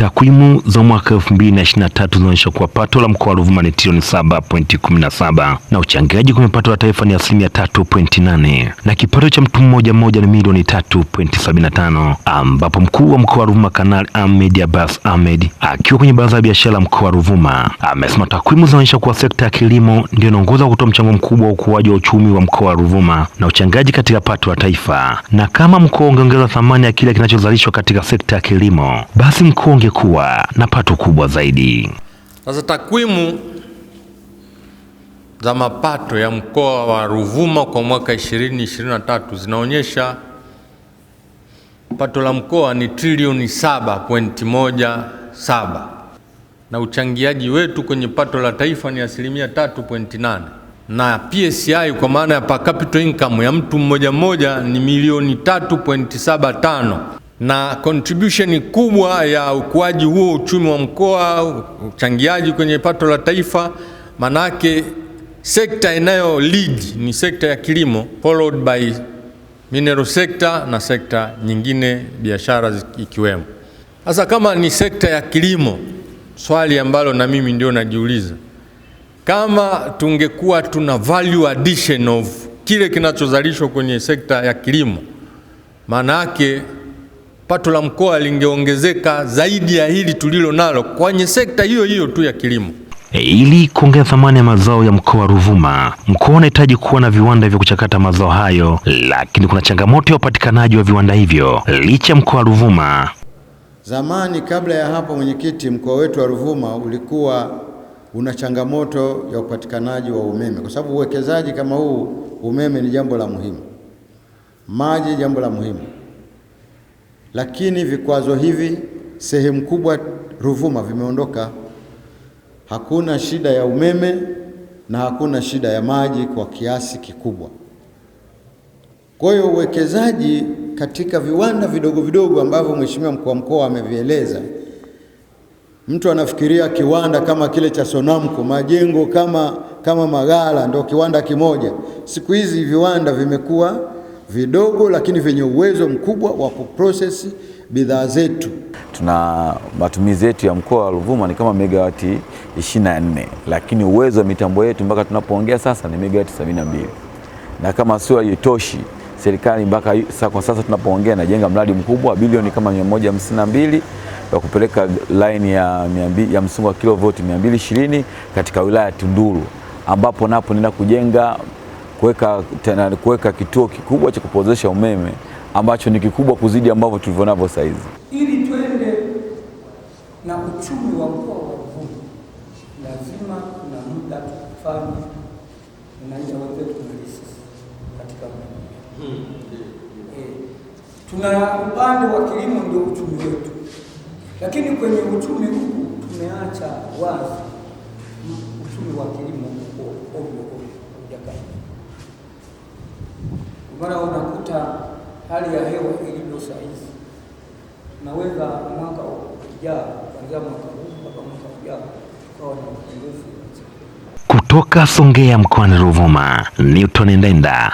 Takwimu za mwaka 2023 zinaonyesha kuwa pato la mkoa wa Ruvuma ni trilioni 7.17 na uchangiaji kwa mapato ya taifa ni asilimia 3.8 na kipato cha mtu mmoja mmoja ni milioni 3.75, ambapo mkuu wa mkoa wa Ruvuma Kanali Ahmed Abbas Ahmed akiwa kwenye baraza ya biashara mkoa wa Ruvuma amesema takwimu zinaonyesha kuwa sekta ya kilimo ndio inaongoza kutoa mchango mkubwa wa ukuaji wa uchumi wa mkoa wa Ruvuma na uchangiaji katika pato la taifa, na kama mkoa ungeongeza thamani ya kile kinachozalishwa katika sekta ya kilimo, basi mkoa kuwa na pato kubwa zaidi. Sasa takwimu za mapato ya mkoa wa Ruvuma kwa mwaka 2023 zinaonyesha pato la mkoa ni trilioni 7.17 na uchangiaji wetu kwenye pato la taifa ni asilimia 3.8 na PCI kwa maana ya per capita income ya mtu mmoja mmoja ni milioni 3.75 na contribution kubwa ya ukuaji huo uchumi wa mkoa, uchangiaji kwenye pato la taifa. Manake sekta inayo lead ni sekta ya kilimo, followed by mineral sector na sekta nyingine, biashara ikiwemo. Sasa kama ni sekta ya kilimo, swali ambalo na mimi ndio najiuliza, kama tungekuwa tuna value addition of kile kinachozalishwa kwenye sekta ya kilimo, maana yake pato la mkoa lingeongezeka zaidi ya hili tulilo nalo kwenye sekta hiyo hiyo tu ya kilimo. Eh, ili kuongeza thamani ya mazao ya mkoa wa Ruvuma, mkoa unahitaji kuwa na viwanda vya kuchakata mazao hayo, lakini kuna changamoto ya upatikanaji wa viwanda hivyo licha mkoa wa Ruvuma. Zamani kabla ya hapo, mwenyekiti, mkoa wetu wa Ruvuma ulikuwa una changamoto ya upatikanaji wa umeme, kwa sababu uwekezaji kama huu, umeme ni jambo la muhimu, maji jambo la muhimu lakini vikwazo hivi sehemu kubwa Ruvuma vimeondoka. Hakuna shida ya umeme na hakuna shida ya maji kwa kiasi kikubwa. Kwa hiyo uwekezaji katika viwanda vidogo vidogo ambavyo Mheshimiwa mkuu wa mkoa amevieleza, mtu anafikiria kiwanda kama kile cha Sonamko, majengo kama, kama Magala ndio kiwanda kimoja. Siku hizi viwanda vimekuwa vidogo lakini vyenye uwezo mkubwa wa kuprocess bidhaa zetu. Tuna matumizi yetu ya mkoa wa Ruvuma ni kama megawati 24 lakini uwezo wa mitambo yetu mpaka tunapoongea sasa ni megawati 72 na kama sio haitoshi serikali mpaka kwa sasa tunapoongea inajenga mradi mkubwa bilioni kama 152 wa kupeleka laini ya, ya msungu wa kilovoti 220 katika wilaya ya Tunduru ambapo napo nenda kujenga kuweka tena kuweka kituo kikubwa cha kupozesha umeme ambacho ni kikubwa kuzidi ambavyo tulivyonavyo sasa hizi, ili twende na uchumi wa mkoa wa Ruvuma, lazima na muda tufanye unaita wenzetu katika hmm. Eh, tuna upande wa kilimo ndio uchumi wetu, lakini kwenye uchumi huu tumeacha wazi uchumi wa kilimo ovyo ovyo mara unakuta hali ya hewa ilivyo sahizi, naweza mwaka ujao kuanzia mwaka huu mpaka mwaka ujao tukawa na upungufu kutoka Songea mkoani Ruvuma, Newton Ndenda